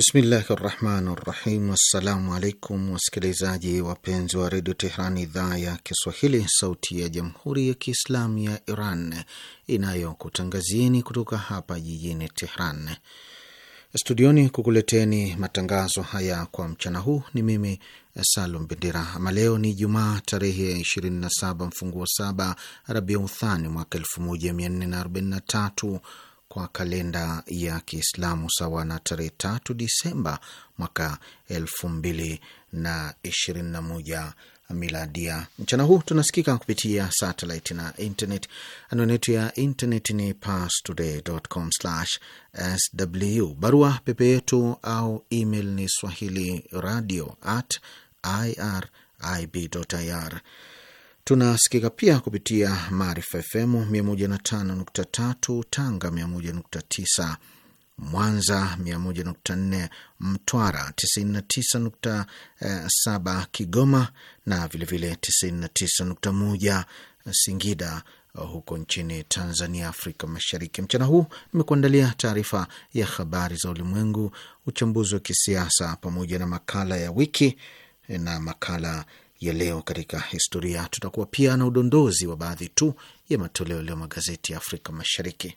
Bismillahi rahmani rahim. Assalamu alaikum wasikilizaji wapenzi wa redio Tehran, idhaa ya Kiswahili, sauti ya jamhuri ya Kiislamu ya Iran inayokutangazieni kutoka hapa jijini Tehran studioni kukuleteni matangazo haya kwa mchana huu. Ni mimi Salum Bendera. Ama leo ni Jumaa tarehe ya 27 mfunguo saba Rabiuthani mwaka 1443 kwa kalenda ya Kiislamu sawa na tarehe tatu Disemba mwaka elfu mbili na ishirini na moja miladia. Mchana huu tunasikika kupitia satellite na internet. Anwani yetu ya internet ni parstoday.com/sw. Barua pepe yetu au email ni swahili radio at irib.ir Tunasikika pia kupitia Maarifa FM 105.3 Tanga, 101.9 Mwanza, 101.4 Mtwara, 99.7 Kigoma na vilevile 99.1 Singida huko nchini Tanzania, Afrika Mashariki. Mchana huu nimekuandalia taarifa ya habari za ulimwengu, uchambuzi wa kisiasa, pamoja na makala ya wiki na makala ya leo katika historia. Tutakuwa pia na udondozi wa baadhi tu ya matoleo leo magazeti ya Afrika Mashariki.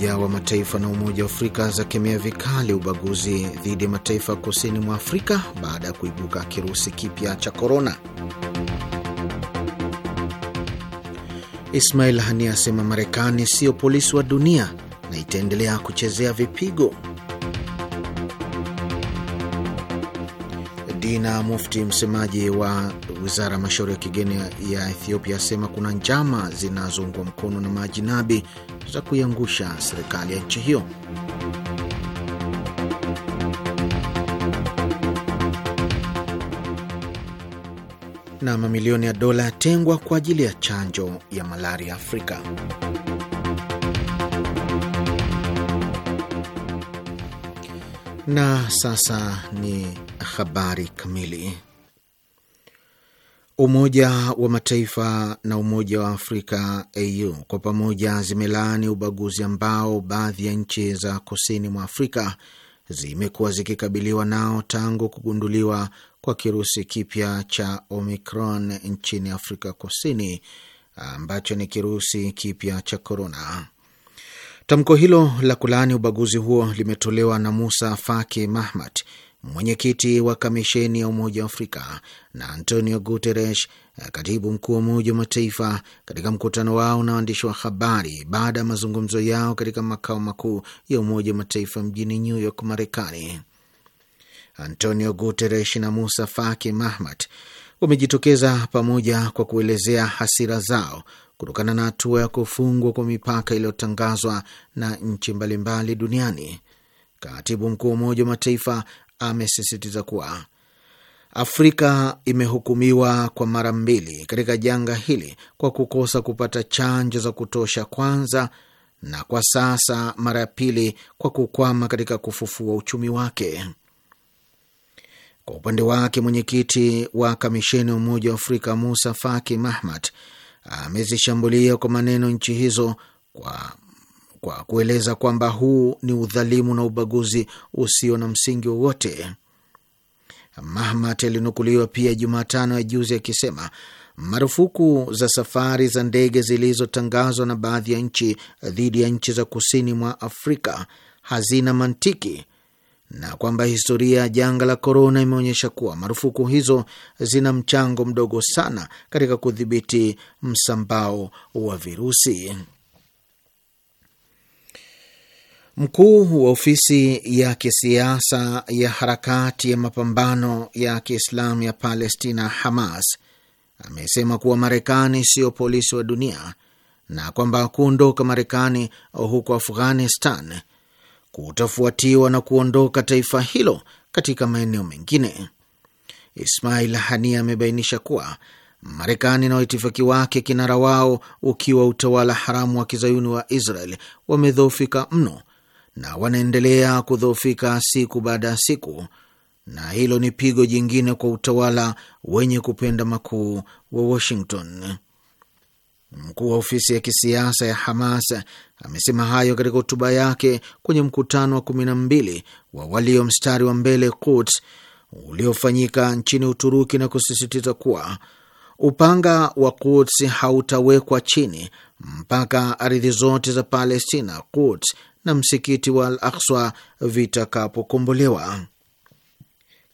Umoja wa Mataifa na Umoja wa Afrika zakemea vikali ubaguzi dhidi ya mataifa kusini mwa Afrika baada ya kuibuka kirusi kipya cha korona. Ismail hani asema Marekani siyo polisi wa dunia na itaendelea kuchezea vipigo. Dina Mufti, msemaji wa wizara ya mashauri ya kigeni ya Ethiopia, asema kuna njama zinazoungwa mkono na majinabi za kuiangusha serikali ya nchi hiyo. Na mamilioni ya dola yatengwa kwa ajili ya chanjo ya malaria Afrika. Na sasa ni habari kamili. Umoja wa Mataifa na Umoja wa Afrika au kwa pamoja zimelaani ubaguzi ambao baadhi ya nchi za kusini mwa Afrika zimekuwa zikikabiliwa nao tangu kugunduliwa kwa kirusi kipya cha Omicron nchini Afrika Kusini, ambacho ni kirusi kipya cha korona. Tamko hilo la kulaani ubaguzi huo limetolewa na Musa Faki Mahamat, mwenyekiti wa kamisheni ya Umoja wa Afrika na Antonio Guterres, eh, katibu mkuu wa Umoja wa Mataifa, katika mkutano wao na waandishi wa habari baada ya mazungumzo yao katika makao makuu ya Umoja wa Mataifa mjini New York, Marekani. Antonio Guterres na Musa Faki Mahamat wamejitokeza pamoja kwa kuelezea hasira zao kutokana na hatua ya kufungwa kwa mipaka iliyotangazwa na nchi mbalimbali duniani. Katibu mkuu wa Umoja wa Mataifa amesisitiza kuwa Afrika imehukumiwa kwa mara mbili katika janga hili kwa kukosa kupata chanjo za kutosha kwanza, na kwa sasa mara ya pili kwa kukwama katika kufufua uchumi wake. Kwa upande wake, mwenyekiti wa kamisheni ya Umoja wa Afrika Musa Faki Mahamat amezishambulia kwa maneno nchi hizo kwa kwa kueleza kwamba huu ni udhalimu na ubaguzi usio na msingi wowote. Mahmat alinukuliwa pia Jumatano ya juzi akisema marufuku za safari za ndege zilizotangazwa na baadhi ya nchi dhidi ya nchi za kusini mwa Afrika hazina mantiki na kwamba historia ya janga la korona imeonyesha kuwa marufuku hizo zina mchango mdogo sana katika kudhibiti msambao wa virusi. Mkuu wa ofisi ya kisiasa ya harakati ya mapambano ya Kiislamu ya Palestina, Hamas, amesema kuwa Marekani sio polisi wa dunia na kwamba kuondoka Marekani huko Afghanistan kutafuatiwa na kuondoka taifa hilo katika maeneo mengine. Ismail Hania amebainisha kuwa Marekani na waitifaki wake, kinara wao ukiwa utawala haramu wa kizayuni wa Israel, wamedhoofika mno na wanaendelea kudhoofika siku baada ya siku, na hilo ni pigo jingine kwa utawala wenye kupenda makuu wa Washington. Mkuu wa ofisi ya kisiasa ya Hamas amesema hayo katika hotuba yake kwenye mkutano wa kumi na mbili wa walio mstari wa mbele Quds uliofanyika nchini Uturuki na kusisitiza kuwa upanga wa Quds hautawekwa chini mpaka ardhi zote za Palestina, Quds na msikiti wa Al Akswa vitakapokombolewa.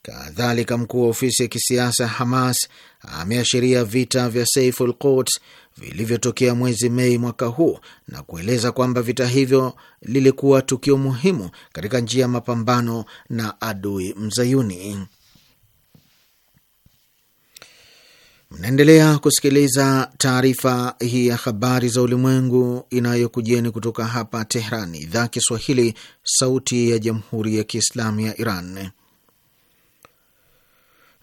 Kadhalika, mkuu wa ofisi ya kisiasa Hamas ameashiria vita vya Saiful Quds vilivyotokea mwezi Mei mwaka huu na kueleza kwamba vita hivyo lilikuwa tukio muhimu katika njia ya mapambano na adui mzayuni. Mnaendelea kusikiliza taarifa hii ya habari za ulimwengu inayokujieni kutoka hapa Tehran, idhaa Kiswahili, sauti ya jamhuri ya kiislamu ya Iran.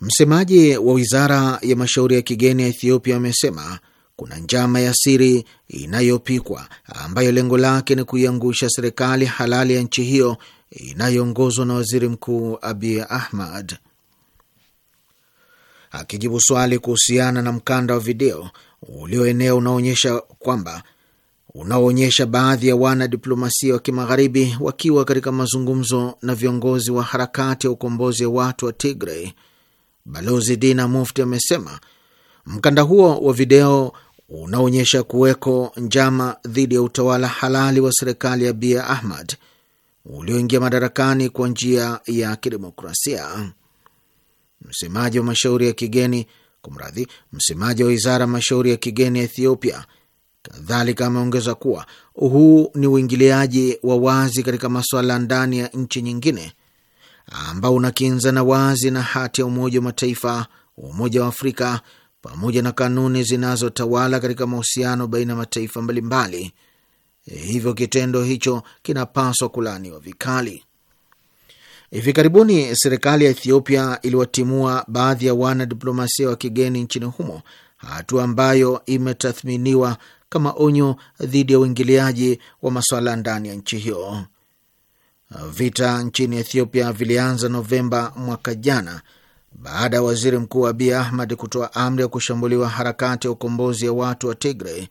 Msemaji wa wizara ya mashauri ya kigeni ya Ethiopia amesema kuna njama ya siri inayopikwa ambayo lengo lake ni kuiangusha serikali halali ya nchi hiyo inayoongozwa na waziri mkuu Abiy Ahmed akijibu swali kuhusiana na mkanda wa video ulioenea unaonyesha kwamba unaoonyesha baadhi ya wanadiplomasia wa kimagharibi wakiwa katika mazungumzo na viongozi wa harakati ya ukombozi wa watu wa Tigray, Balozi Dina Mufti amesema mkanda huo wa video unaonyesha kuweko njama dhidi ya utawala halali wa serikali ya Abiy Ahmed ulioingia madarakani kwa njia ya kidemokrasia msemaji wa mashauri ya kigeni kumradhi, msemaji wa wizara mashauri ya kigeni ya Ethiopia kadhalika ameongeza kuwa huu ni uingiliaji wa wazi katika masuala ndani ya nchi nyingine ambao unakinzana wazi na hati ya Umoja wa Mataifa, Umoja wa Afrika pamoja na kanuni zinazotawala katika mahusiano baina ya mataifa mbalimbali. Hivyo kitendo hicho kinapaswa kulaaniwa vikali. Hivi karibuni serikali ya Ethiopia iliwatimua baadhi ya wanadiplomasia wa kigeni nchini humo, hatua ambayo imetathminiwa kama onyo dhidi ya uingiliaji wa masuala ndani ya nchi hiyo. Vita nchini Ethiopia vilianza Novemba mwaka jana baada ya waziri mkuu Abiy Ahmed kutoa amri ya kushambuliwa harakati ya ukombozi ya watu wa Tigray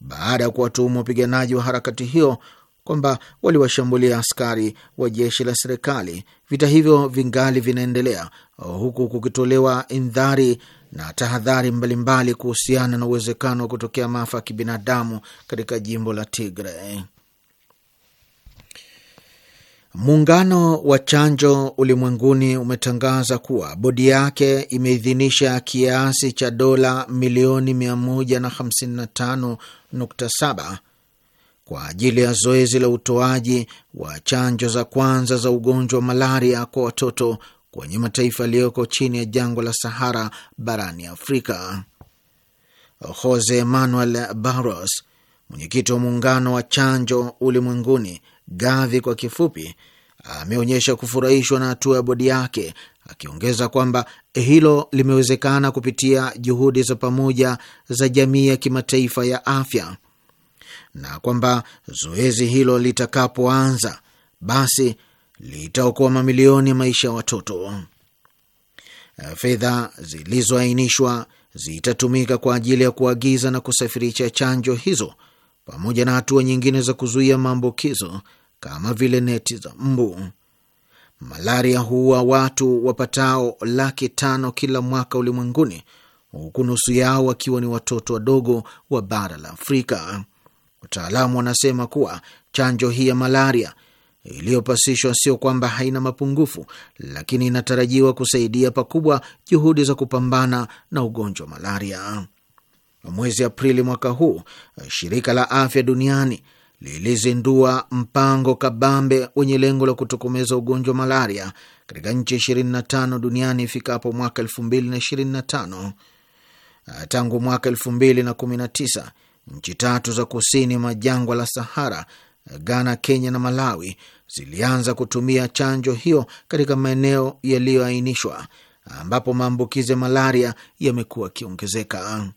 baada ya kuwatuhumu wapiganaji wa harakati hiyo kwamba waliwashambulia askari wa jeshi la serikali. Vita hivyo vingali vinaendelea huku kukitolewa indhari na tahadhari mbalimbali kuhusiana na uwezekano wa kutokea maafa ya kibinadamu katika jimbo la Tigray. Muungano wa chanjo ulimwenguni umetangaza kuwa bodi yake imeidhinisha kiasi cha dola milioni 155.7 kwa ajili ya zoezi la utoaji wa chanjo za kwanza za ugonjwa wa malaria kwa watoto kwenye mataifa yaliyoko chini ya jangwa la Sahara barani Afrika. Jose Manuel Barros, mwenyekiti wa muungano wa chanjo ulimwenguni GAVI kwa kifupi, ameonyesha kufurahishwa na hatua ya bodi yake, akiongeza kwamba hilo limewezekana kupitia juhudi za pamoja za jamii ya kimataifa ya afya na kwamba zoezi hilo litakapoanza basi litaokoa mamilioni ya maisha ya watoto. Fedha zilizoainishwa zitatumika kwa ajili ya kuagiza na kusafirisha chanjo hizo pamoja na hatua nyingine za kuzuia maambukizo kama vile neti za mbu. Malaria huua watu wapatao laki tano kila mwaka ulimwenguni, huku nusu yao wakiwa ni watoto wadogo wa bara la Afrika. Wataalamu wanasema kuwa chanjo hii ya malaria iliyopasishwa sio kwamba haina mapungufu, lakini inatarajiwa kusaidia pakubwa juhudi za kupambana na ugonjwa wa malaria. Mwezi Aprili mwaka huu, shirika la afya duniani lilizindua mpango kabambe wenye lengo la kutokomeza ugonjwa wa malaria katika nchi 25 duniani ifikapo mwaka 2025. Tangu mwaka 2019 nchi tatu za kusini mwa jangwa la Sahara, Ghana, Kenya na Malawi zilianza kutumia chanjo hiyo katika maeneo yaliyoainishwa ambapo maambukizi ya malaria yamekuwa yakiongezeka.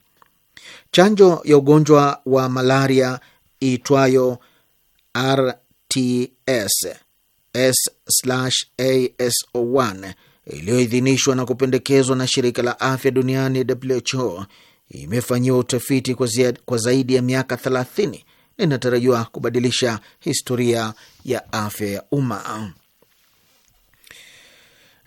Chanjo ya ugonjwa wa malaria iitwayo RTS S/AS01 iliyoidhinishwa na kupendekezwa na shirika la afya duniani WHO imefanyiwa utafiti kwa, ziad, kwa zaidi ya miaka 30 na inatarajiwa kubadilisha historia ya afya ya umma.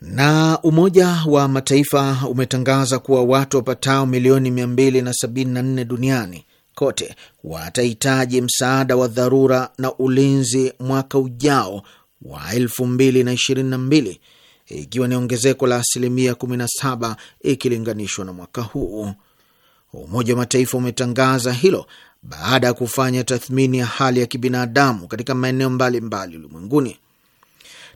Na Umoja wa Mataifa umetangaza kuwa watu wapatao milioni 274 duniani kote watahitaji msaada wa dharura na ulinzi mwaka ujao wa 2022 ikiwa ni ongezeko la asilimia 17 ikilinganishwa na mwaka huu. Umoja wa Mataifa umetangaza hilo baada ya kufanya tathmini ya hali ya kibinadamu katika maeneo mbalimbali ulimwenguni.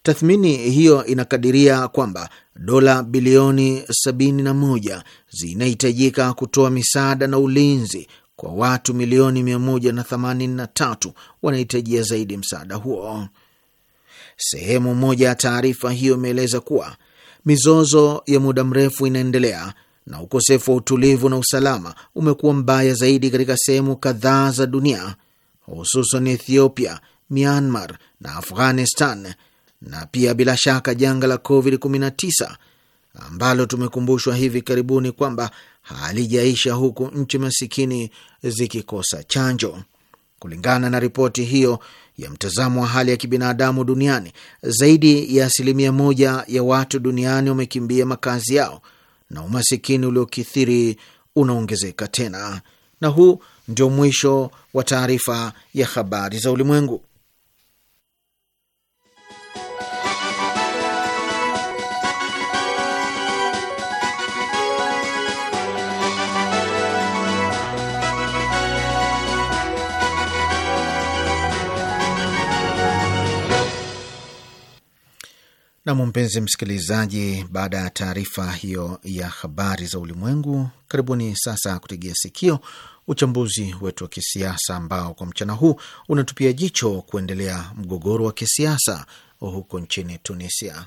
Tathmini hiyo inakadiria kwamba dola bilioni 71 zinahitajika kutoa misaada na ulinzi kwa watu milioni 183 wanahitajia zaidi msaada huo. Sehemu moja ya taarifa hiyo imeeleza kuwa mizozo ya muda mrefu inaendelea na ukosefu wa utulivu na usalama umekuwa mbaya zaidi katika sehemu kadhaa za dunia hususan Ethiopia, Myanmar na Afghanistan, na pia bila shaka janga la COVID-19 ambalo tumekumbushwa hivi karibuni kwamba halijaisha huku nchi masikini zikikosa chanjo. Kulingana na ripoti hiyo ya mtazamo wa hali ya kibinadamu duniani, zaidi ya asilimia moja ya watu duniani wamekimbia makazi yao na umasikini uliokithiri unaongezeka tena. Na huu ndio mwisho wa taarifa ya habari za ulimwengu. Nam, mpenzi msikilizaji, baada ya taarifa hiyo ya habari za ulimwengu, karibuni sasa kutegea sikio uchambuzi wetu wa kisiasa ambao kwa mchana huu unatupia jicho kuendelea mgogoro wa kisiasa huko nchini Tunisia.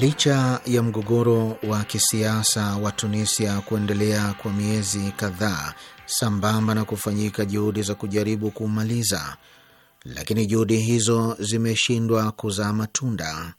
Licha ya mgogoro wa kisiasa wa Tunisia kuendelea kwa miezi kadhaa sambamba na kufanyika juhudi za kujaribu kuumaliza, lakini juhudi hizo zimeshindwa kuzaa matunda.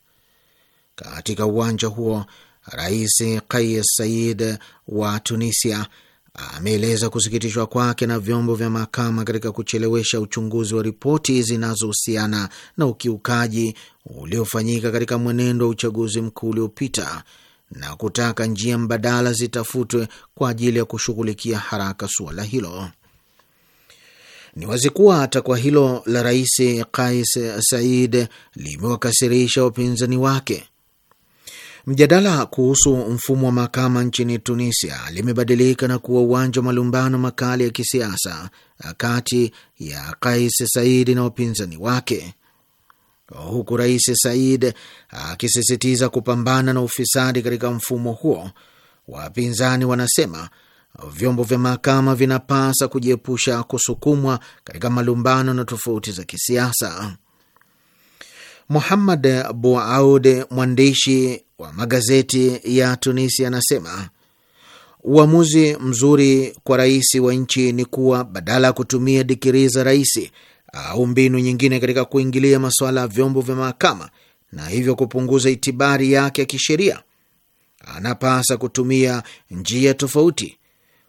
Katika uwanja huo, Rais Kais Saied wa Tunisia ameeleza kusikitishwa kwake na vyombo vya mahakama katika kuchelewesha uchunguzi wa ripoti zinazohusiana na ukiukaji uliofanyika katika mwenendo wa uchaguzi mkuu uliopita na kutaka njia mbadala zitafutwe kwa ajili ya kushughulikia haraka suala hilo. Ni wazi kuwa takwa hilo la Rais Kais said limewakasirisha wapinzani wake Mjadala kuhusu mfumo wa mahakama nchini Tunisia limebadilika na kuwa uwanja wa malumbano makali ya kisiasa kati ya Kais Saidi na wapinzani wake, huku Rais Said akisisitiza kupambana na ufisadi katika mfumo huo. Wapinzani wanasema vyombo vya mahakama vinapasa kujiepusha kusukumwa katika malumbano na tofauti za kisiasa. Muhammad Bouaud, mwandishi wa magazeti ya Tunisia anasema uamuzi mzuri kwa rais wa nchi ni kuwa badala ya kutumia dikiri za rais au mbinu nyingine katika kuingilia masuala ya vyombo vya mahakama na hivyo kupunguza itibari yake ya kisheria, anapasa kutumia njia tofauti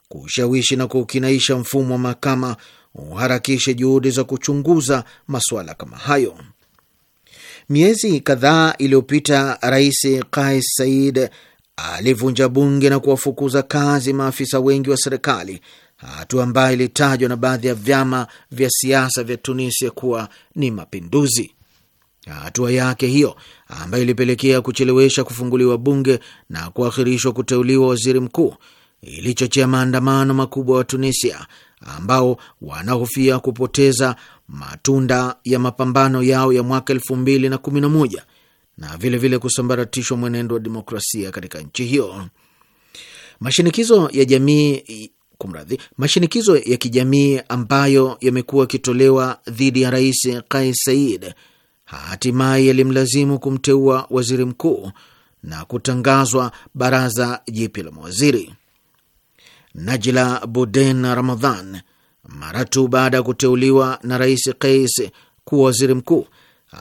kushawishi na kukinaisha mfumo wa mahakama uharakishe juhudi za kuchunguza masuala kama hayo. Miezi kadhaa iliyopita, Rais Kais Said alivunja bunge na kuwafukuza kazi maafisa wengi wa serikali, hatua ambayo ilitajwa na baadhi ya vyama vya siasa vya Tunisia kuwa ni mapinduzi. Hatua yake hiyo ambayo ilipelekea kuchelewesha kufunguliwa bunge na kuahirishwa kuteuliwa waziri mkuu ilichochea maandamano makubwa wa Tunisia ambao wanahofia kupoteza matunda ya mapambano yao ya mwaka elfu mbili na kumi na moja na vilevile kusambaratishwa mwenendo wa demokrasia katika nchi hiyo. Mashinikizo ya jamii kumradhi, mashinikizo ya kijamii ambayo yamekuwa yakitolewa dhidi ya Rais Kais Saied hatimaye yalimlazimu kumteua waziri mkuu na kutangazwa baraza jipya la mawaziri. Najla Buden Ramadhan mara tu baada ya kuteuliwa na Rais Kais kuwa waziri mkuu,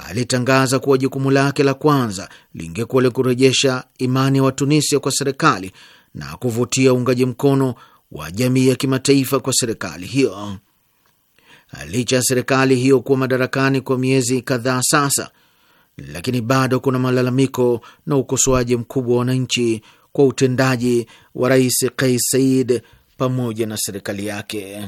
alitangaza kuwa jukumu lake la kwanza lingekuwa la kurejesha imani ya Watunisia kwa serikali na kuvutia uungaji mkono wa jamii ya kimataifa kwa serikali hiyo. Licha ya serikali hiyo kuwa madarakani kwa miezi kadhaa sasa, lakini bado kuna malalamiko na ukosoaji mkubwa wa wananchi kwa utendaji wa Rais Kais Saied pamoja na serikali yake.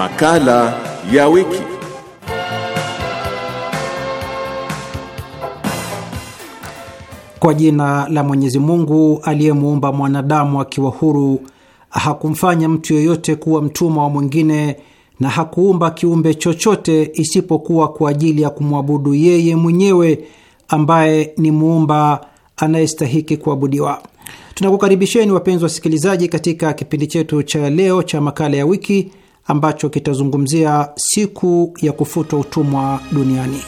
Makala ya wiki. Kwa jina la Mwenyezi Mungu aliyemuumba mwanadamu akiwa huru, hakumfanya mtu yoyote kuwa mtumwa wa mwingine, na hakuumba kiumbe chochote isipokuwa kwa ajili ya kumwabudu yeye mwenyewe ambaye ni muumba anayestahiki kuabudiwa. Tunakukaribisheni wapenzi wasikilizaji, katika kipindi chetu cha leo cha makala ya wiki ambacho kitazungumzia siku ya kufuta utumwa duniani.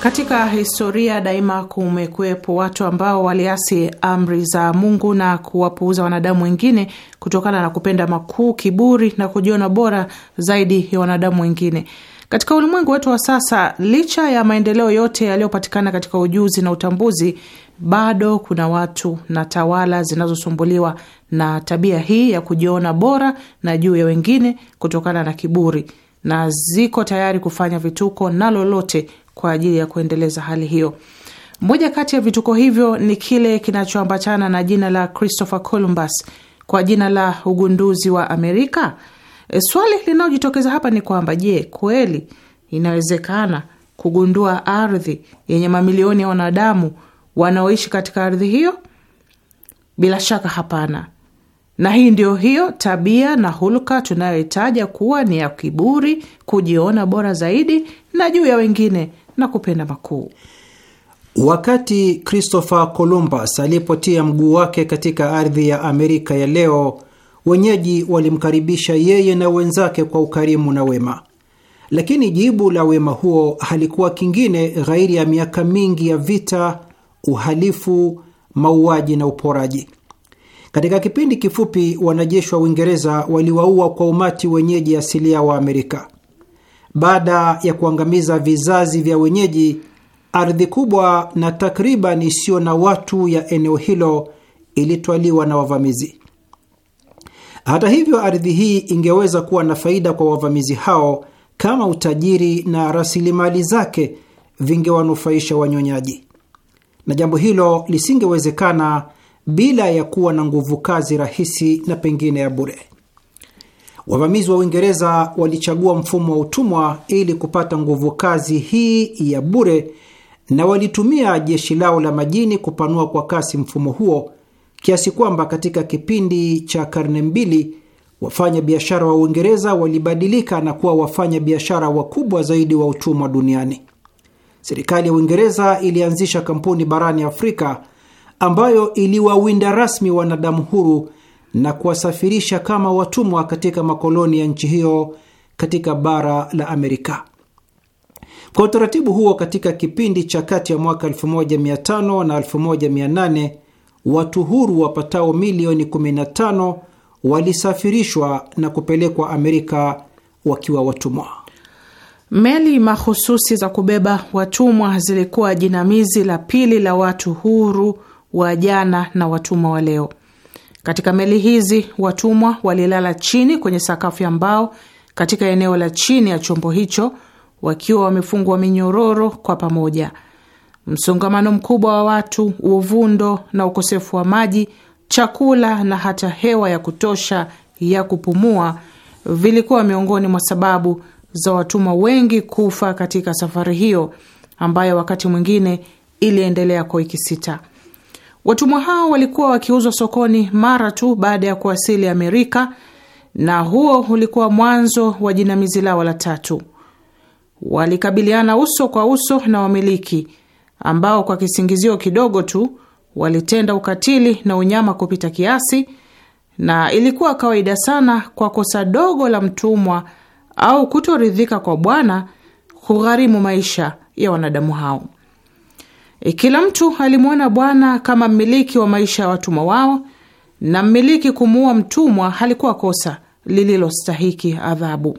Katika historia daima kumekuwepo watu ambao waliasi amri za Mungu na kuwapuuza wanadamu wengine kutokana na kupenda makuu, kiburi na kujiona bora zaidi ya wanadamu wengine. Katika ulimwengu wetu wa sasa, licha ya maendeleo yote yaliyopatikana katika ujuzi na utambuzi, bado kuna watu na tawala zinazosumbuliwa na tabia hii ya kujiona bora na juu ya wengine kutokana na kiburi, na ziko tayari kufanya vituko na lolote kwa ajili ya kuendeleza hali hiyo. Moja kati ya vituko hivyo ni kile kinachoambatana na jina la Christopher Columbus kwa jina la ugunduzi wa Amerika E, swali linalojitokeza hapa ni kwamba je, kweli inawezekana kugundua ardhi yenye mamilioni ya wanadamu wanaoishi katika ardhi hiyo? Bila shaka hapana. Na hii ndio hiyo tabia na hulka tunayohitaja kuwa ni ya kiburi, kujiona bora zaidi na juu ya wengine na kupenda makuu. Wakati Christopher Columbus alipotia mguu wake katika ardhi ya Amerika ya leo wenyeji walimkaribisha yeye na wenzake kwa ukarimu na wema, lakini jibu la wema huo halikuwa kingine ghairi ya miaka mingi ya vita, uhalifu, mauaji na uporaji. Katika kipindi kifupi, wanajeshi wa Uingereza waliwaua kwa umati wenyeji asilia wa Amerika. Baada ya kuangamiza vizazi vya wenyeji, ardhi kubwa na takriban isiyo na watu ya eneo hilo ilitwaliwa na wavamizi. Hata hivyo, ardhi hii ingeweza kuwa na faida kwa wavamizi hao kama utajiri na rasilimali zake vingewanufaisha wanyonyaji, na jambo hilo lisingewezekana bila ya kuwa na nguvu kazi rahisi na pengine ya bure. Wavamizi wa Uingereza walichagua mfumo wa utumwa ili kupata nguvu kazi hii ya bure, na walitumia jeshi lao la majini kupanua kwa kasi mfumo huo kiasi kwamba katika kipindi cha karne mbili wafanya biashara wa Uingereza walibadilika na kuwa wafanya biashara wakubwa zaidi wa utumwa duniani. Serikali ya Uingereza ilianzisha kampuni barani Afrika ambayo iliwawinda rasmi wanadamu huru na kuwasafirisha kama watumwa katika makoloni ya nchi hiyo katika bara la Amerika. Kwa utaratibu huo, katika kipindi cha kati ya mwaka 1500 na 1800 watu huru wapatao milioni 15 walisafirishwa na kupelekwa Amerika wakiwa watumwa. Meli mahususi za kubeba watumwa zilikuwa jinamizi la pili la watu huru wa jana na watumwa wa leo. Katika meli hizi watumwa walilala chini kwenye sakafu ya mbao katika eneo la chini ya chombo hicho, wakiwa wamefungwa minyororo kwa pamoja msongamano mkubwa wa watu, uvundo na ukosefu wa maji, chakula na hata hewa ya kutosha ya kupumua vilikuwa miongoni mwa sababu za watumwa wengi kufa katika safari hiyo ambayo wakati mwingine iliendelea kwa wiki sita. Watumwa hao walikuwa wakiuzwa sokoni mara tu baada ya kuwasili Amerika, na huo ulikuwa mwanzo wa jinamizi lao la tatu. Walikabiliana uso kwa uso na wamiliki ambao kwa kisingizio kidogo tu walitenda ukatili na unyama kupita kiasi, na ilikuwa kawaida sana kwa kosa dogo la mtumwa au kutoridhika kwa bwana kugharimu maisha ya wanadamu hao. E, kila mtu alimwona bwana kama mmiliki wa maisha ya watumwa wao, na mmiliki kumuua mtumwa halikuwa kosa lililostahiki adhabu.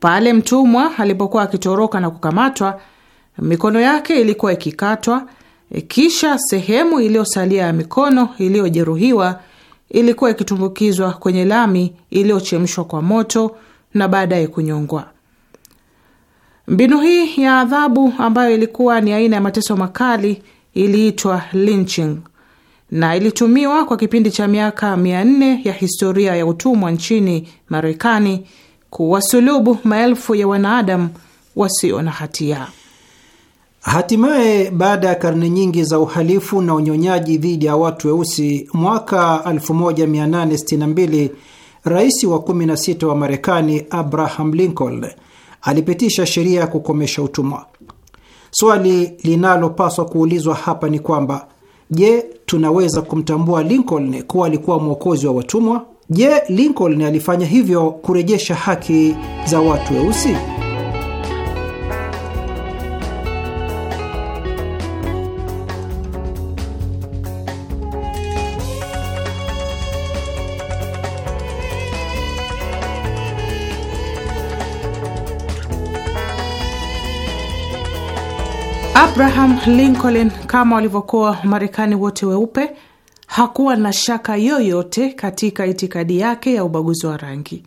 Pale mtumwa alipokuwa akitoroka na kukamatwa Mikono yake ilikuwa ikikatwa, kisha sehemu iliyosalia ya mikono iliyojeruhiwa ilikuwa ikitumbukizwa kwenye lami iliyochemshwa kwa moto na baadaye kunyongwa. Mbinu hii ya adhabu ambayo ilikuwa ni aina ya mateso makali iliitwa lynching na ilitumiwa kwa kipindi cha miaka mia nne ya historia ya utumwa nchini Marekani kuwasulubu maelfu ya wanaadamu wasio na hatia. Hatimaye, baada ya karne nyingi za uhalifu na unyonyaji dhidi ya watu weusi, mwaka 1862 rais wa 16 wa Marekani Abraham Lincoln alipitisha sheria ya kukomesha utumwa. Swali linalopaswa kuulizwa hapa ni kwamba je, tunaweza kumtambua Lincoln kuwa alikuwa mwokozi wa watumwa? Je, Lincoln alifanya hivyo kurejesha haki za watu weusi? Abraham Lincoln kama walivyokuwa marekani wote weupe hakuwa na shaka yoyote katika itikadi yake ya ubaguzi wa rangi.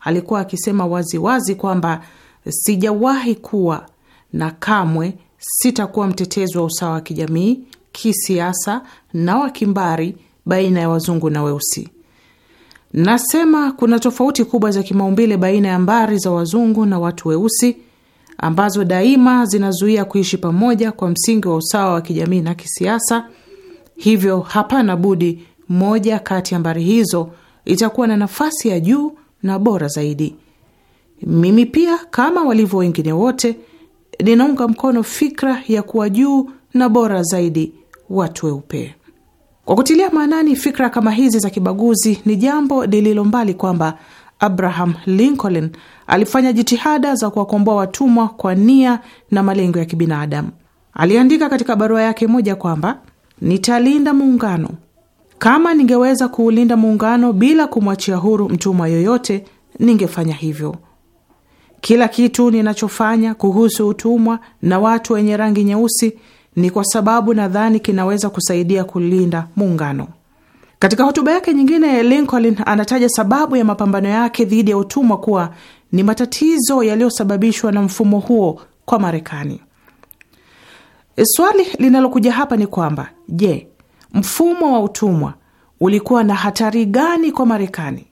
Alikuwa akisema waziwazi wazi kwamba sijawahi kuwa na kamwe sitakuwa mtetezi wa usawa wa kijamii, kisiasa na wa kimbari baina ya wazungu na weusi. Nasema kuna tofauti kubwa za kimaumbile baina ya mbari za wazungu na watu weusi ambazo daima zinazuia kuishi pamoja kwa msingi wa usawa wa kijamii na kisiasa. Hivyo hapana budi moja kati ya mbari hizo itakuwa na nafasi ya juu na bora zaidi. Mimi pia kama walivyo wengine wote ninaunga mkono fikra ya kuwa juu na bora zaidi watu weupe. Kwa kutilia maanani fikra kama hizi za kibaguzi, ni jambo lililo mbali kwamba Abraham Lincoln alifanya jitihada za kuwakomboa watumwa kwa nia na malengo ya kibinadamu. Aliandika katika barua yake moja kwamba nitalinda muungano kama ningeweza kuulinda muungano bila kumwachia huru mtumwa yoyote, ningefanya hivyo. Kila kitu ninachofanya kuhusu utumwa na watu wenye rangi nyeusi ni kwa sababu nadhani kinaweza kusaidia kulinda muungano. Katika hotuba yake nyingine, Lincoln anataja sababu ya mapambano yake dhidi ya utumwa kuwa ni matatizo yaliyosababishwa na mfumo huo kwa Marekani. E, swali linalokuja hapa ni kwamba je, mfumo wa utumwa ulikuwa na hatari gani kwa Marekani?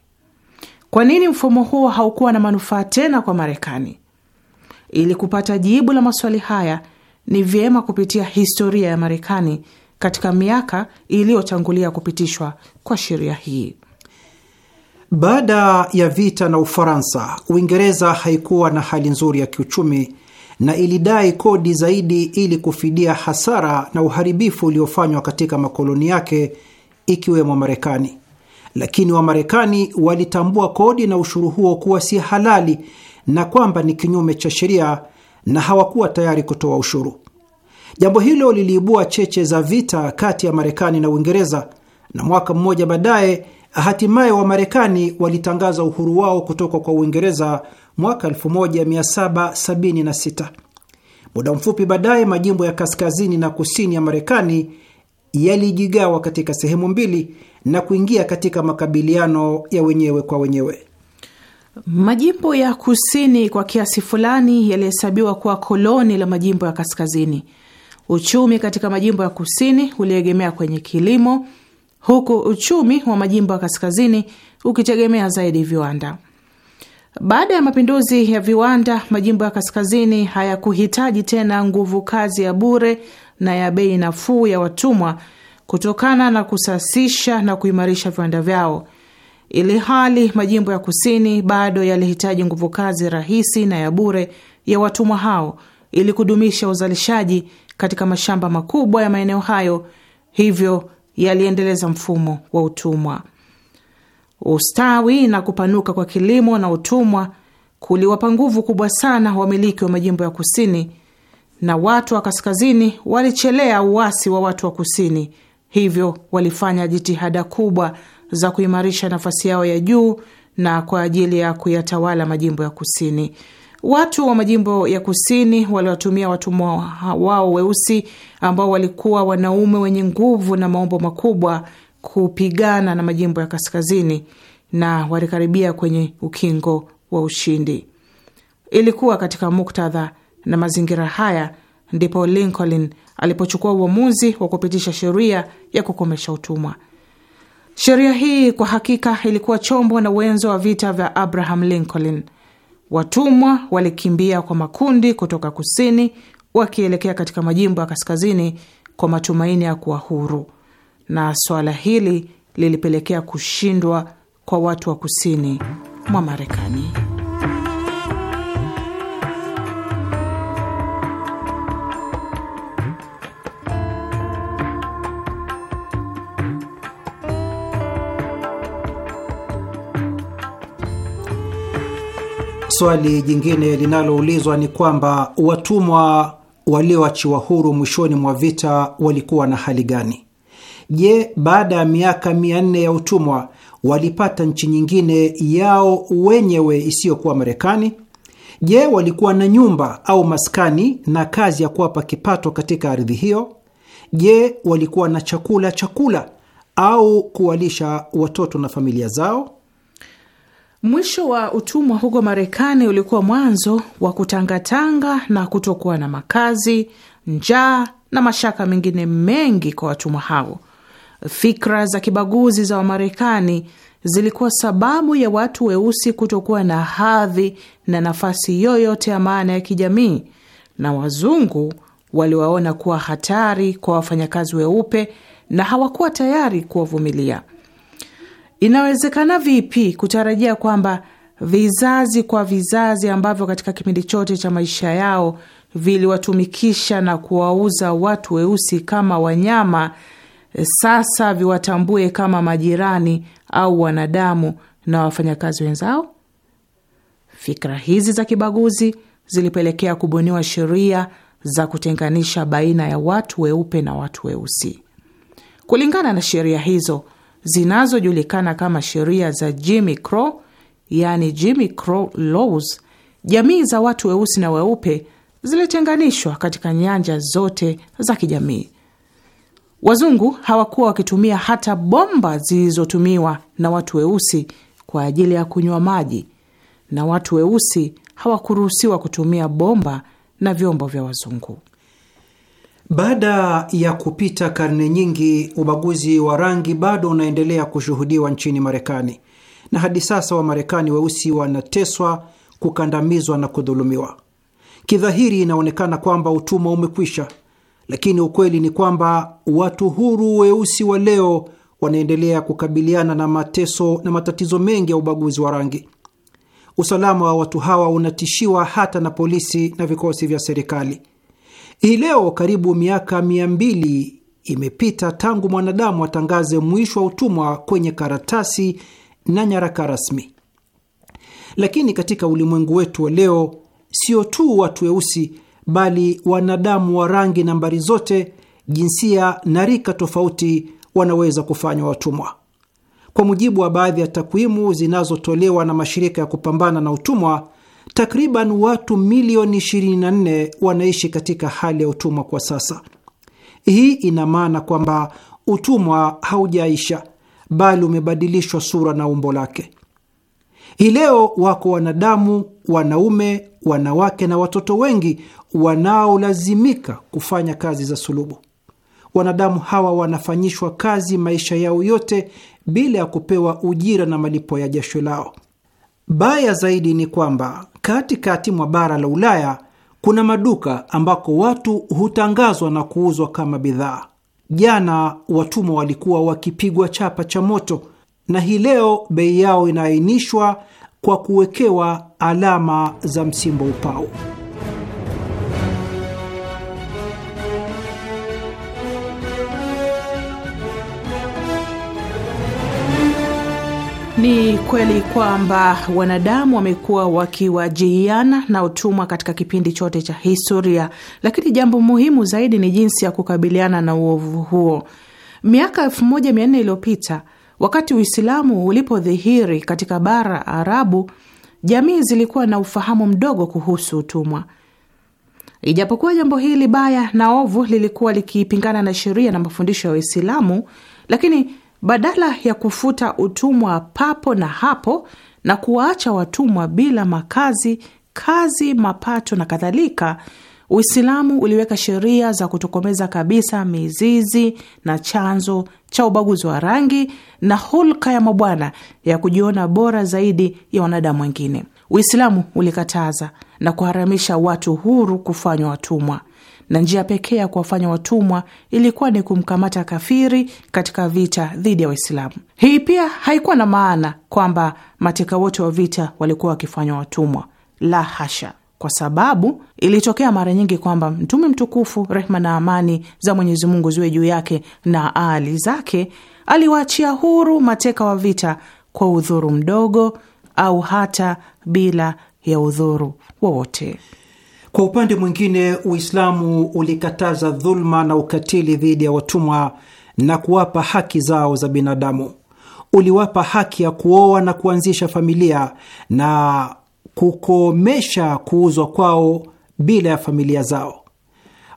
Kwa nini mfumo huo haukuwa na manufaa tena kwa Marekani? Ili kupata jibu la maswali haya, ni vyema kupitia historia ya Marekani katika miaka iliyotangulia kupitishwa kwa sheria hii. Baada ya vita na Ufaransa, Uingereza haikuwa na hali nzuri ya kiuchumi na ilidai kodi zaidi ili kufidia hasara na uharibifu uliofanywa katika makoloni yake ikiwemo Marekani. Lakini Wamarekani walitambua kodi na ushuru huo kuwa si halali na kwamba ni kinyume cha sheria na hawakuwa tayari kutoa ushuru. Jambo hilo liliibua cheche za vita kati ya Marekani na Uingereza, na mwaka mmoja baadaye hatimaye Wamarekani walitangaza uhuru wao kutoka kwa Uingereza mwaka 1776. Muda mfupi baadaye majimbo ya kaskazini na kusini ya Marekani yalijigawa katika sehemu mbili na kuingia katika makabiliano ya wenyewe kwa wenyewe. Majimbo ya kusini kwa kiasi fulani yalihesabiwa kuwa koloni la majimbo ya kaskazini. Uchumi katika majimbo ya kusini uliegemea kwenye kilimo, huku uchumi wa majimbo ya kaskazini ukitegemea zaidi viwanda. Baada ya mapinduzi ya viwanda, majimbo ya kaskazini hayakuhitaji tena nguvu kazi ya bure na ya bei nafuu ya watumwa kutokana na kusasisha na kuimarisha viwanda vyao, ili hali majimbo ya kusini bado yalihitaji nguvu kazi rahisi na ya bure ya watumwa hao ili kudumisha uzalishaji katika mashamba makubwa ya maeneo hayo, hivyo yaliendeleza mfumo wa utumwa. Ustawi na kupanuka kwa kilimo na utumwa kuliwapa nguvu kubwa sana wamiliki wa majimbo ya kusini, na watu wa kaskazini walichelea uasi wa watu wa kusini, hivyo walifanya jitihada kubwa za kuimarisha nafasi yao ya juu na kwa ajili ya kuyatawala majimbo ya kusini. Watu wa majimbo ya kusini waliwatumia watumwa wao weusi ambao walikuwa wanaume wenye nguvu na maumbo makubwa kupigana na majimbo ya kaskazini na walikaribia kwenye ukingo wa ushindi. Ilikuwa katika muktadha na mazingira haya ndipo Lincoln alipochukua uamuzi wa kupitisha sheria ya kukomesha utumwa. Sheria hii kwa hakika ilikuwa chombo na wenzo wa vita vya Abraham Lincoln. Watumwa walikimbia kwa makundi kutoka kusini wakielekea katika majimbo ya kaskazini kwa matumaini ya kuwa huru, na swala hili lilipelekea kushindwa kwa watu wa kusini mwa Marekani. Swali jingine linaloulizwa ni kwamba watumwa walioachiwa huru mwishoni mwa vita walikuwa na hali gani? Je, baada ya miaka mia nne ya utumwa walipata nchi nyingine yao wenyewe isiyokuwa Marekani? Je, walikuwa na nyumba au maskani na kazi ya kuwapa kipato katika ardhi hiyo? Je, walikuwa na chakula chakula au kuwalisha watoto na familia zao? Mwisho wa utumwa huko Marekani ulikuwa mwanzo wa kutangatanga na kutokuwa na makazi, njaa na mashaka mengine mengi kwa watumwa hao. Fikra za kibaguzi za Wamarekani zilikuwa sababu ya watu weusi kutokuwa na hadhi na nafasi yoyote ya maana ya kijamii, na wazungu waliwaona kuwa hatari kwa wafanyakazi weupe na hawakuwa tayari kuwavumilia. Inawezekana vipi kutarajia kwamba vizazi kwa vizazi ambavyo katika kipindi chote cha maisha yao viliwatumikisha na kuwauza watu weusi kama wanyama, sasa viwatambue kama majirani au wanadamu na wafanyakazi wenzao? Fikra hizi za kibaguzi zilipelekea kubuniwa sheria za kutenganisha baina ya watu weupe na watu weusi. Kulingana na sheria hizo zinazojulikana kama sheria za Jimmy Crow, yani Jimmy Crow laws, jamii za watu weusi na weupe zilitenganishwa katika nyanja zote za kijamii. Wazungu hawakuwa wakitumia hata bomba zilizotumiwa na watu weusi kwa ajili ya kunywa maji, na watu weusi hawakuruhusiwa kutumia bomba na vyombo vya wazungu. Baada ya kupita karne nyingi, ubaguzi wa rangi bado unaendelea kushuhudiwa nchini Marekani, na hadi sasa Wamarekani weusi wanateswa, kukandamizwa na kudhulumiwa. Kidhahiri inaonekana kwamba utumwa umekwisha, lakini ukweli ni kwamba watu huru weusi wa leo wanaendelea kukabiliana na mateso na matatizo mengi ya ubaguzi wa rangi. Usalama wa watu hawa unatishiwa hata na polisi na vikosi vya serikali. Hii leo karibu miaka mia mbili imepita tangu mwanadamu atangaze mwisho wa utumwa kwenye karatasi na nyaraka rasmi, lakini katika ulimwengu wetu wa leo, sio tu watu weusi, bali wanadamu wa rangi, nambari zote, jinsia na rika tofauti wanaweza kufanywa watumwa. Kwa mujibu wa baadhi ya takwimu zinazotolewa na mashirika ya kupambana na utumwa, Takriban watu milioni 24 wanaishi katika hali ya utumwa kwa sasa. Hii ina maana kwamba utumwa haujaisha, bali umebadilishwa sura na umbo lake. Hii leo wako wanadamu, wanaume, wanawake na watoto wengi wanaolazimika kufanya kazi za sulubu. Wanadamu hawa wanafanyishwa kazi maisha yao yote bila ya kupewa ujira na malipo ya jasho lao. Baya zaidi ni kwamba katikati mwa bara la Ulaya kuna maduka ambako watu hutangazwa na kuuzwa kama bidhaa. Jana watumwa walikuwa wakipigwa chapa cha moto, na hii leo bei yao inaainishwa kwa kuwekewa alama za msimbo upau. Ni kweli kwamba wanadamu wamekuwa wakiwajiiana na utumwa katika kipindi chote cha historia, lakini jambo muhimu zaidi ni jinsi ya kukabiliana na uovu huo. Miaka 1400 iliyopita, wakati Uislamu ulipodhihiri katika bara Arabu, jamii zilikuwa na ufahamu mdogo kuhusu utumwa. Ijapokuwa jambo hili baya na ovu lilikuwa likipingana na sheria na mafundisho ya Uislamu, lakini badala ya kufuta utumwa papo na hapo na kuwaacha watumwa bila makazi, kazi, mapato na kadhalika, Uislamu uliweka sheria za kutokomeza kabisa mizizi na chanzo cha ubaguzi wa rangi na hulka ya mabwana ya kujiona bora zaidi ya wanadamu wengine. Uislamu ulikataza na kuharamisha watu huru kufanywa watumwa na njia pekee ya kuwafanya watumwa ilikuwa ni kumkamata kafiri katika vita dhidi ya Waislamu. Hii pia haikuwa na maana kwamba mateka wote wa vita walikuwa wakifanywa watumwa, la hasha, kwa sababu ilitokea mara nyingi kwamba Mtume mtukufu, rehma na amani za Mwenyezi Mungu ziwe juu yake na aali zake, aliwaachia huru mateka wa vita kwa udhuru mdogo au hata bila ya udhuru wowote. Kwa upande mwingine, Uislamu ulikataza dhuluma na ukatili dhidi ya watumwa na kuwapa haki zao za binadamu. Uliwapa haki ya kuoa na kuanzisha familia na kukomesha kuuzwa kwao bila ya familia zao.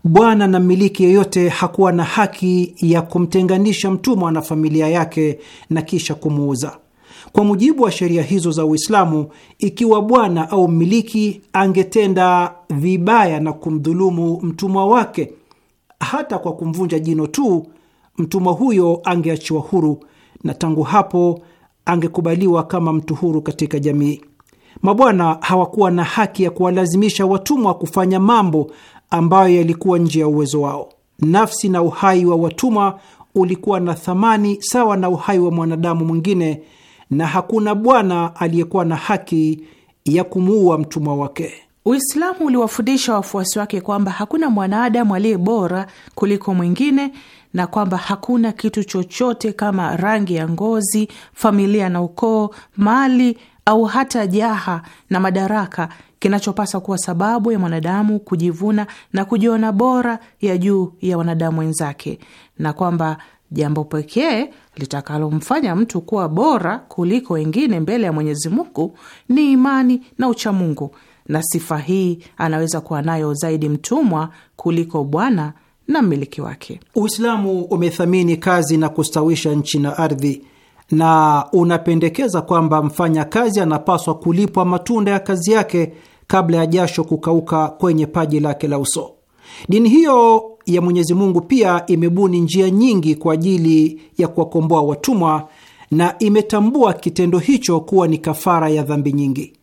Bwana na mmiliki yeyote hakuwa na haki ya kumtenganisha mtumwa na familia yake na kisha kumuuza. Kwa mujibu wa sheria hizo za Uislamu, ikiwa bwana au mmiliki angetenda vibaya na kumdhulumu mtumwa wake hata kwa kumvunja jino tu, mtumwa huyo angeachiwa huru na tangu hapo angekubaliwa kama mtu huru katika jamii. Mabwana hawakuwa na haki ya kuwalazimisha watumwa kufanya mambo ambayo yalikuwa nje ya uwezo wao. Nafsi na uhai wa watumwa ulikuwa na thamani sawa na uhai wa mwanadamu mwingine na hakuna bwana aliyekuwa na haki ya kumuua mtumwa wake. Uislamu uliwafundisha wafuasi wake kwamba hakuna mwanadamu aliye bora kuliko mwingine na kwamba hakuna kitu chochote kama rangi ya ngozi, familia na ukoo, mali au hata jaha na madaraka kinachopaswa kuwa sababu ya mwanadamu kujivuna na kujiona bora ya juu ya wanadamu wenzake, na kwamba jambo pekee litakalomfanya mtu kuwa bora kuliko wengine mbele ya Mwenyezi Mungu ni imani na uchamungu, na sifa hii anaweza kuwa nayo zaidi mtumwa kuliko bwana na mmiliki wake. Uislamu umethamini kazi na kustawisha nchi na ardhi, na unapendekeza kwamba mfanya kazi anapaswa kulipwa matunda ya kazi yake kabla ya jasho kukauka kwenye paji lake la uso. Dini hiyo ya Mwenyezi Mungu pia imebuni njia nyingi kwa ajili ya kuwakomboa watumwa na imetambua kitendo hicho kuwa ni kafara ya dhambi nyingi.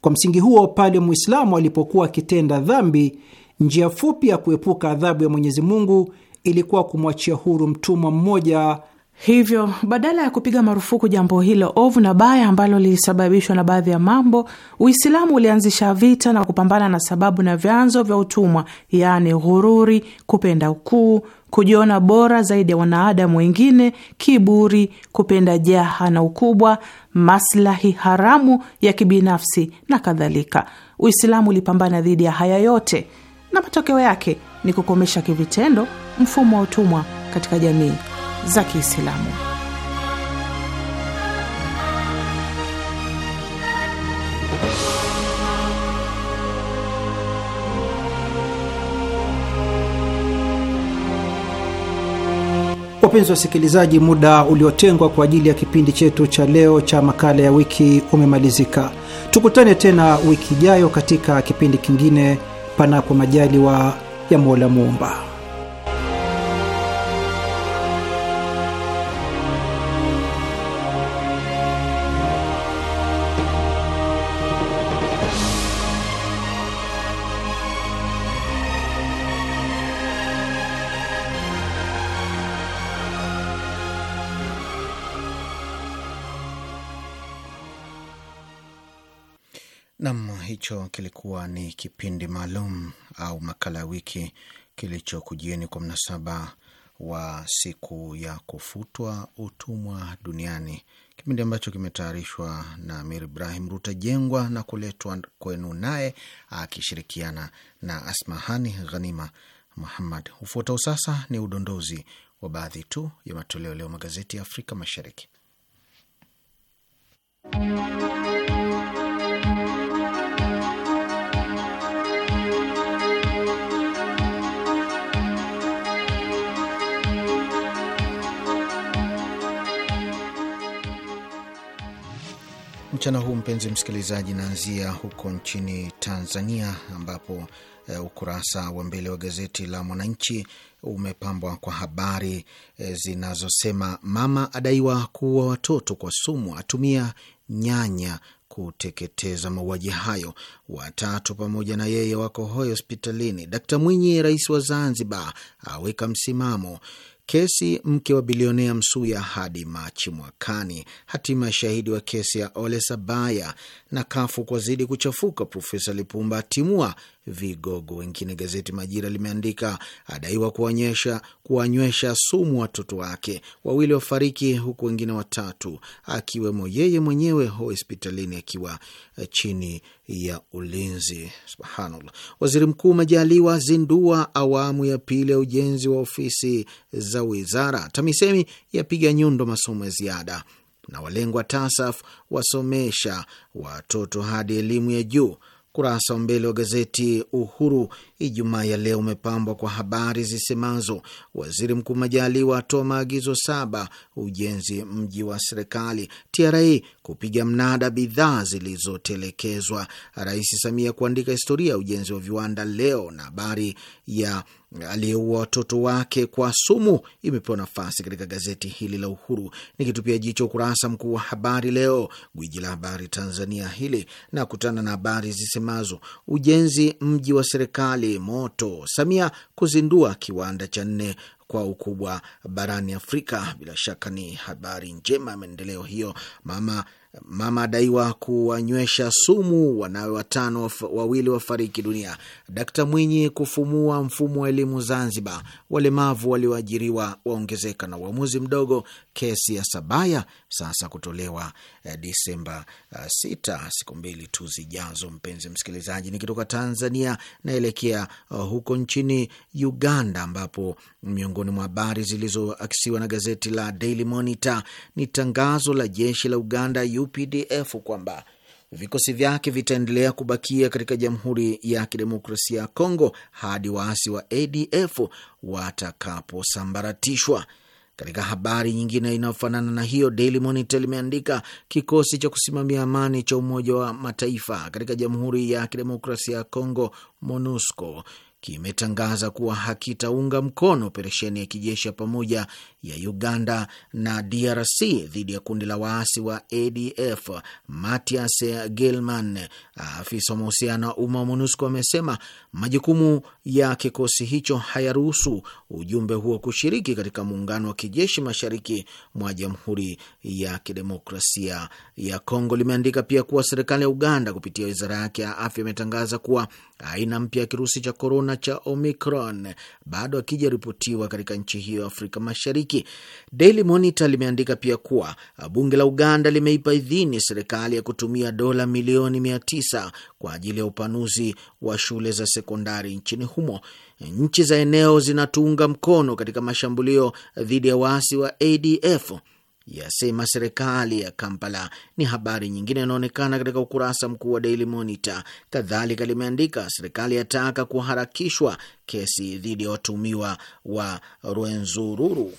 Kwa msingi huo, pale Mwislamu alipokuwa akitenda dhambi, njia fupi ya kuepuka adhabu ya Mwenyezi Mungu ilikuwa kumwachia huru mtumwa mmoja Hivyo badala ya kupiga marufuku jambo hilo ovu na baya ambalo lilisababishwa na baadhi ya mambo, Uislamu ulianzisha vita na kupambana na sababu na vyanzo vya utumwa, yaani ghururi, kupenda ukuu, kujiona bora zaidi ya wanadamu wengine, kiburi, kupenda jaha na ukubwa, maslahi haramu ya kibinafsi na kadhalika. Uislamu ulipambana dhidi ya haya yote, na matokeo yake ni kukomesha kivitendo mfumo wa utumwa katika jamii za Kiislamu. Wapenzi wasikilizaji, muda uliotengwa kwa ajili ya kipindi chetu cha leo cha makala ya wiki umemalizika. Tukutane tena wiki ijayo katika kipindi kingine, panapo majaliwa ya Mola Muumba. hicho kilikuwa ni kipindi maalum au makala ya wiki kilichokujieni kwa mnasaba wa siku ya kufutwa utumwa duniani, kipindi ambacho kimetayarishwa na Amir Ibrahim Rutajengwa na kuletwa kwenu naye akishirikiana na Asmahani Ghanima Muhammad. Ufuatao sasa ni udondozi wa baadhi tu ya matoleo leo magazeti ya Afrika Mashariki. mchana huu, mpenzi msikilizaji, naanzia huko nchini Tanzania ambapo uh, ukurasa wa mbele wa gazeti la Mwananchi umepambwa kwa habari uh, zinazosema mama adaiwa kuua watoto kwa sumu, atumia nyanya kuteketeza mauaji hayo, watatu pamoja na yeye wako hoi hospitalini. Dkt Mwinyi, rais wa Zanzibar, aweka msimamo kesi mke wa bilionea Msuya hadi Machi mwakani. Hatima ya shahidi wa kesi ya Ole Sabaya na kafu kwazidi kuchafuka, Profesa Lipumba atimua vigogo wengine. Gazeti Majira limeandika adaiwa kuonyesha kuwanywesha sumu watoto wake wawili, wafariki huku wengine watatu akiwemo yeye mwenyewe hospitalini akiwa eh, chini ya ulinzi. Subhanallah. Waziri Mkuu Majaliwa zindua awamu ya pili ya ujenzi wa ofisi za za wizara. TAMISEMI yapiga nyundo masomo ya ziada, na walengwa TASAF wasomesha watoto hadi elimu ya juu. Kurasa wa mbele wa gazeti Uhuru Ijumaa ya leo umepambwa kwa habari zisemazo waziri mkuu Majaliwa atoa maagizo saba ujenzi mji wa serikali, TRA kupiga mnada bidhaa zilizotelekezwa, Rais Samia kuandika historia ya ujenzi wa viwanda leo, na habari ya aliyeua watoto wake kwa sumu imepewa nafasi katika gazeti hili la Uhuru. ni Nikitupia jicho ukurasa mkuu wa Habari Leo, gwiji la habari Tanzania hili na kutana na habari zisemazo: ujenzi mji wa serikali moto, Samia kuzindua kiwanda cha nne kwa ukubwa barani Afrika. Bila shaka ni habari njema ya maendeleo hiyo. Mama Mama adaiwa kuwanywesha sumu wanawe watano, wawili wafariki dunia. Dkt Mwinyi kufumua mfumo wa elimu Zanzibar. Walemavu walioajiriwa waongezeka, na uamuzi mdogo kesi ya Sabaya sasa kutolewa eh, Disemba 6, eh, siku mbili tu zijazo. Mpenzi msikilizaji, nikitoka Tanzania naelekea eh, huko nchini Uganda, ambapo miongoni mwa habari zilizoakisiwa na gazeti la Daily Monitor ni tangazo la jeshi la Uganda UPDF kwamba vikosi vyake vitaendelea kubakia katika Jamhuri ya Kidemokrasia ya Kongo hadi waasi wa ADF watakaposambaratishwa. Katika habari nyingine inayofanana na hiyo, Daily Monitor limeandika kikosi cha kusimamia amani cha Umoja wa Mataifa katika Jamhuri ya Kidemokrasia ya Kongo, MONUSCO kimetangaza kuwa hakitaunga mkono operesheni ya kijeshi ya pamoja ya Uganda na DRC dhidi ya kundi la waasi wa ADF. Matias Gilman, afisa wa mahusiano wa umma wa MONUSCO, amesema majukumu ya kikosi hicho hayaruhusu ujumbe huo kushiriki katika muungano wa kijeshi mashariki mwa Jamhuri ya Kidemokrasia ya Kongo. Limeandika pia kuwa serikali ya Uganda kupitia wizara yake ya afya imetangaza kuwa aina mpya ya kirusi cha korona korona cha Omicron bado akijaripotiwa katika nchi hiyo ya Afrika Mashariki. Daily Monitor limeandika pia kuwa bunge la Uganda limeipa idhini serikali ya kutumia dola milioni mia tisa kwa ajili ya upanuzi wa shule za sekondari nchini humo. Nchi za eneo zinatunga mkono katika mashambulio dhidi ya waasi wa ADF yasema serikali ya Kampala. Ni habari nyingine inaonekana katika ukurasa mkuu wa Daily Monitor. Kadhalika limeandika serikali yataka kuharakishwa kesi dhidi ya watumiwa wa Rwenzururu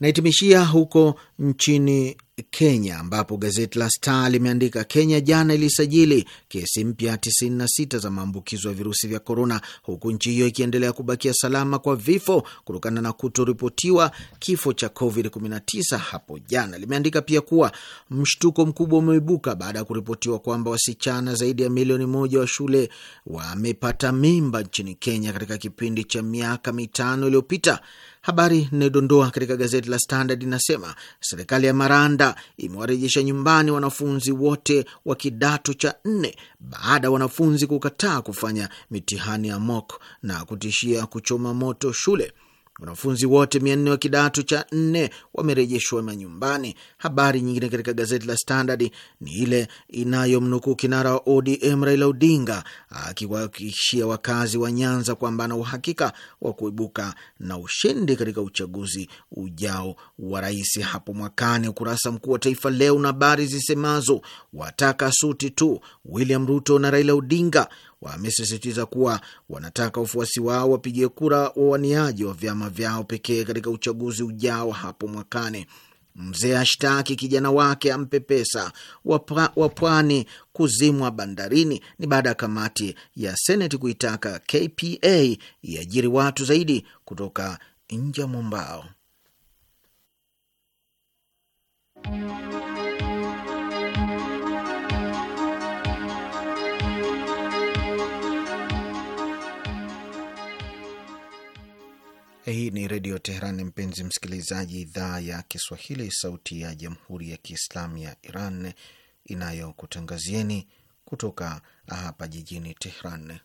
naitimishia huko nchini Kenya ambapo gazeti la Star limeandika Kenya jana ilisajili kesi mpya 96 za maambukizo ya virusi vya korona, huku nchi hiyo ikiendelea kubakia salama kwa vifo kutokana na kutoripotiwa kifo cha COVID-19 hapo jana. Limeandika pia kuwa mshtuko mkubwa umeibuka baada ya kuripotiwa kwamba wasichana zaidi ya milioni moja wa shule wamepata mimba nchini Kenya katika kipindi cha miaka mitano iliyopita. Habari inayodondoa katika gazeti la Standard inasema serikali ya Maranda imewarejesha nyumbani wanafunzi wote wa kidato cha nne baada ya wanafunzi kukataa kufanya mitihani ya mock na kutishia kuchoma moto shule. Wanafunzi wote mia nne wa kidato cha nne wamerejeshwa manyumbani. Habari nyingine katika gazeti la Standard ni ile inayomnukuu kinara wa ODM Raila Odinga akiwahakikishia wakazi wa Nyanza kwamba ana uhakika wa kuibuka na ushindi katika uchaguzi ujao wa rais hapo mwakani. Ukurasa mkuu wa Taifa Leo na habari zisemazo wataka suti tu, William Ruto na Raila Odinga wamesisitiza kuwa wanataka wafuasi wao wapigie kura wawaniaji wa vyama vyao pekee katika uchaguzi ujao hapo mwakani. Mzee ashtaki kijana wake ampe pesa. Wa pwani kuzimwa bandarini ni baada ya kamati ya seneti kuitaka KPA iajiri watu zaidi kutoka nje ya mwambao. Hii ni Redio Teheran, mpenzi msikilizaji, idhaa ya Kiswahili, sauti ya Jamhuri ya Kiislamu ya Iran inayokutangazieni kutoka hapa jijini Teheran.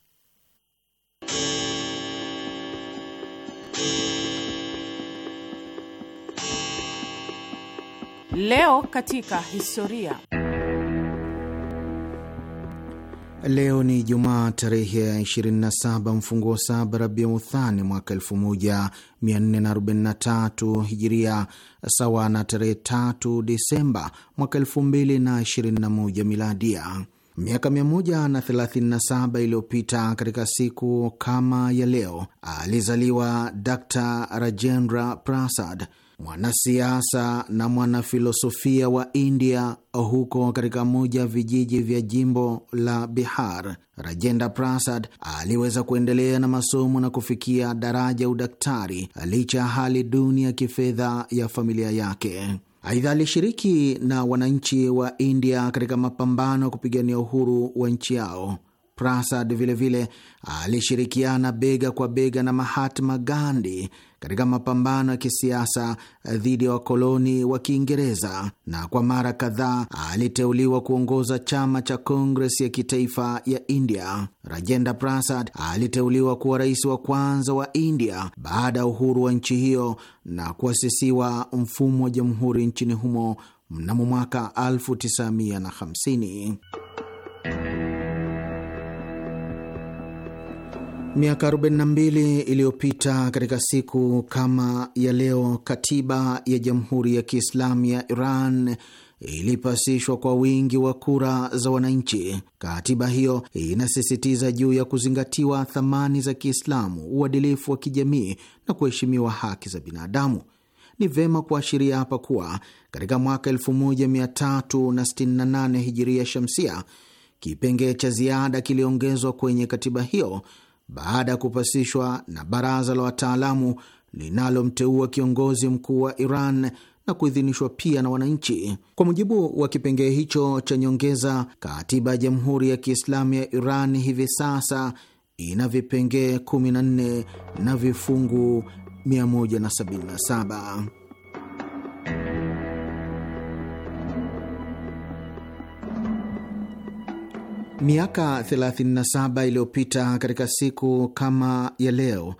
Leo katika historia Leo ni Jumaa tarehe ya 27 wa saba Rabiu Uthani mwaka 1443 Hijiria, sawa na tarehe 3 Disemba mwaka 2021 Miladia. Miaka 137 iliyopita katika siku kama ya leo alizaliwa Dr Rajendra Prasad, mwanasiasa na mwanafilosofia wa India huko katika moja ya vijiji vya jimbo la Bihar, Rajendra Prasad aliweza kuendelea na masomo na kufikia daraja udaktari licha ya hali duni ya kifedha ya familia yake. Aidha, alishiriki na wananchi wa India katika mapambano ya kupigania uhuru wa nchi yao. Prasad vilevile alishirikiana bega kwa bega na Mahatma Gandhi katika mapambano ya kisiasa dhidi ya wakoloni wa Kiingereza na kwa mara kadhaa aliteuliwa kuongoza chama cha Kongres ya Kitaifa ya India. Rajendra Prasad aliteuliwa kuwa rais wa kwanza wa India baada ya uhuru wa nchi hiyo na kuasisiwa mfumo wa jamhuri nchini humo mnamo mwaka 1950. Miaka 42 iliyopita katika siku kama ya leo, katiba ya Jamhuri ya Kiislamu ya Iran ilipasishwa kwa wingi wa kura za wananchi. Katiba hiyo inasisitiza juu ya kuzingatiwa thamani za Kiislamu, uadilifu wa kijamii na kuheshimiwa haki za binadamu. Ni vema kuashiria hapa kuwa katika mwaka 1368 hijiria shamsia, kipengee cha ziada kiliongezwa kwenye katiba hiyo baada ya kupasishwa na baraza la wataalamu linalomteua kiongozi mkuu wa Iran na kuidhinishwa pia na wananchi. Kwa mujibu wa kipengee hicho cha nyongeza, katiba ya Jamhuri ya Kiislamu ya Iran hivi sasa ina vipengee 14 na vifungu 177. Miaka 37 iliyopita katika siku kama ya leo,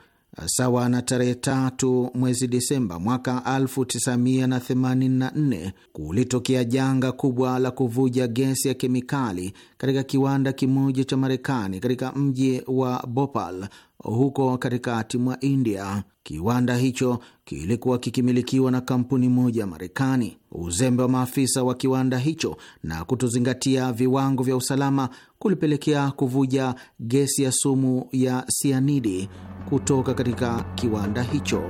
sawa na tarehe tatu mwezi Disemba mwaka 1984 kulitokea janga kubwa la kuvuja gesi ya kemikali katika kiwanda kimoja cha Marekani katika mji wa Bhopal huko katikati mwa India. Kiwanda hicho kilikuwa kikimilikiwa na kampuni moja ya Marekani. Uzembe wa maafisa wa kiwanda hicho na kutozingatia viwango vya usalama kulipelekea kuvuja gesi ya sumu ya sianidi kutoka katika kiwanda hicho.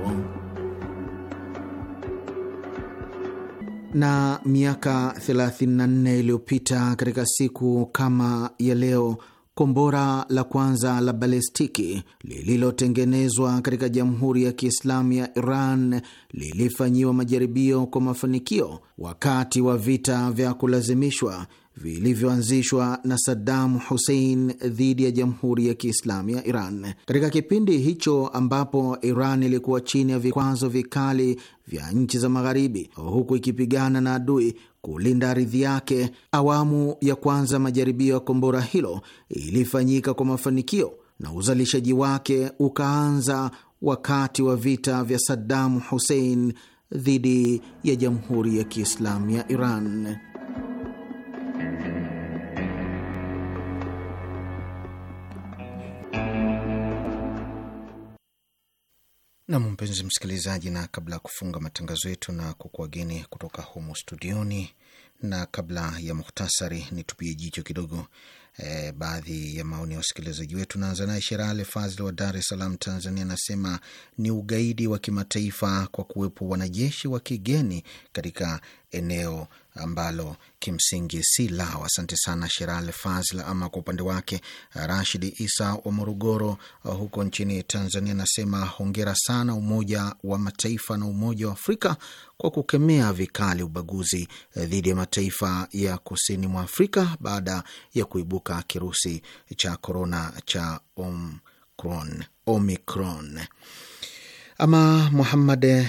na miaka 34 iliyopita katika siku kama ya leo Kombora la kwanza la balestiki lililotengenezwa katika Jamhuri ya Kiislamu ya Iran lilifanyiwa majaribio kwa mafanikio wakati wa vita vya kulazimishwa vilivyoanzishwa na Saddam Hussein dhidi ya Jamhuri ya Kiislamu ya Iran. Katika kipindi hicho ambapo Iran ilikuwa chini ya vikwazo vikali vya nchi za Magharibi, huku ikipigana na adui, kulinda ardhi yake. Awamu ya kwanza majaribio ya kombora hilo ilifanyika kwa mafanikio na uzalishaji wake ukaanza wakati wa vita vya Saddam Hussein dhidi ya Jamhuri ya Kiislamu ya Iran. Nam, mpenzi msikilizaji, na kabla ya kufunga matangazo yetu na kukuageni kutoka humo studioni, na kabla ya muhtasari, nitupie jicho kidogo e, baadhi ya maoni ya wasikilizaji wetu. Naanza naye Sherale Fazil wa Dar es Salaam, Tanzania, anasema ni ugaidi wa kimataifa kwa kuwepo wanajeshi wa kigeni katika eneo ambalo kimsingi si lao. Asante sana Sheral Fazl. Ama kwa upande wake Rashid Isa wa Morogoro uh, huko nchini Tanzania anasema hongera sana Umoja wa Mataifa na Umoja wa Afrika kwa kukemea vikali ubaguzi uh, dhidi ya mataifa ya kusini mwa Afrika baada ya kuibuka kirusi cha korona cha Omicron. Ama Muhammad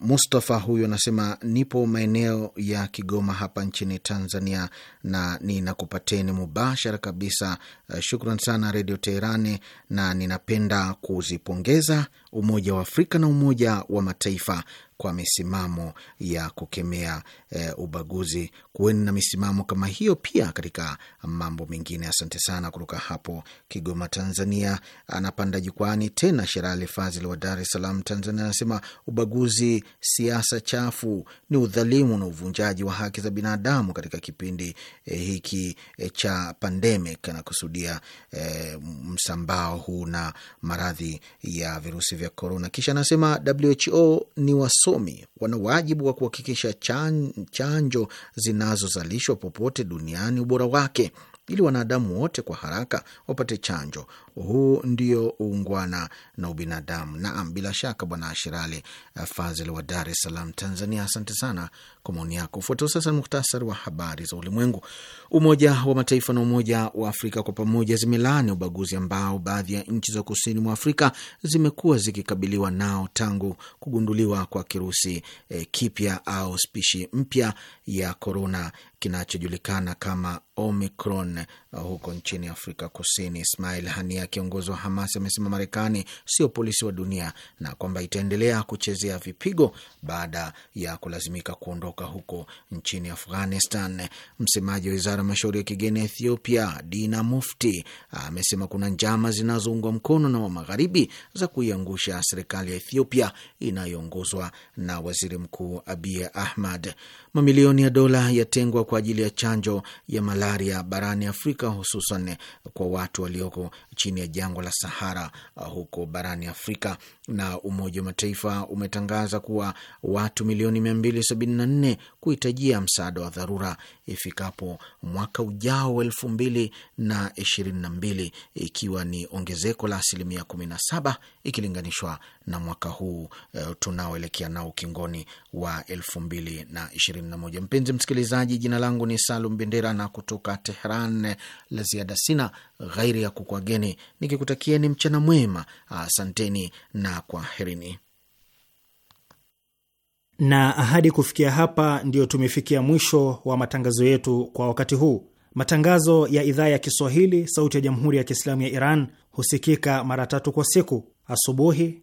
Mustafa huyu anasema nipo maeneo ya Kigoma hapa nchini Tanzania na ninakupateni mubashara kabisa. Eh, shukran sana Redio Teherani na ninapenda kuzipongeza Umoja wa Afrika na Umoja wa Mataifa kwa misimamo ya kukemea e, ubaguzi. Kuweni na misimamo kama hiyo pia katika mambo mengine. Asante sana. Kutoka hapo Kigoma, Tanzania, anapanda jukwani tena Sherali Fazil wa Dar es Salaam, Tanzania, anasema ubaguzi, siasa chafu ni udhalimu na uvunjaji wa haki za binadamu katika kipindi e, hiki e, cha pandemic. Anakusudia e, msambao huu na maradhi ya virusi vya korona. Kisha anasema WHO ni wasomi, wana wajibu wa kuhakikisha chan, chanjo zinazozalishwa popote duniani ubora wake, ili wanadamu wote kwa haraka wapate chanjo. Huu ndio uungwana na ubinadamu. Naam, bila shaka Bwana Ashirali Fazil wa Dar es Salaam, Tanzania, asante sana kwa maoni yako. Ufuatao sasa muhtasari wa habari za ulimwengu. Umoja wa Mataifa na Umoja wa Afrika kwa pamoja zimelaani ubaguzi ambao baadhi ya nchi za kusini mwa Afrika zimekuwa zikikabiliwa nao tangu kugunduliwa kwa kirusi e, kipya au spishi mpya ya korona kinachojulikana kama Omicron huko nchini Afrika Kusini. Ismail Hania, kiongozi wa Hamas, amesema Marekani sio polisi wa dunia na kwamba itaendelea kuchezea vipigo baada ya kulazimika kuondoka huko nchini Afghanistan. Msemaji wa wizara ya mashauri ya kigeni ya Ethiopia, Dina Mufti, amesema kuna njama zinazoungwa mkono na wa Magharibi za kuiangusha serikali ya Ethiopia inayoongozwa na waziri mkuu Abiy Ahmed. Mamilioni ya dola yatengwa kwa ajili ya chanjo ya malaria barani Afrika, hususan kwa watu walioko chini ya jangwa la Sahara uh, huko barani Afrika. Na Umoja wa Mataifa umetangaza kuwa watu milioni 274 kuhitajia msaada wa dharura ifikapo mwaka ujao wa 2022 ikiwa ni ongezeko la asilimia 17 ikilinganishwa na mwaka huu uh, tunaoelekea nao ukingoni wa elfu mbili na ishirini na moja. Mpenzi msikilizaji, jina langu ni Salum Bendera na kutoka Tehran la ziada sina ghairi ya kukwageni nikikutakieni mchana mwema, asanteni uh, na kwaherini na ahadi. Kufikia hapa, ndiyo tumefikia mwisho wa matangazo yetu kwa wakati huu. Matangazo ya idhaa ya Kiswahili sauti ya jamhuri ya Kiislamu ya Iran husikika mara tatu kwa siku: asubuhi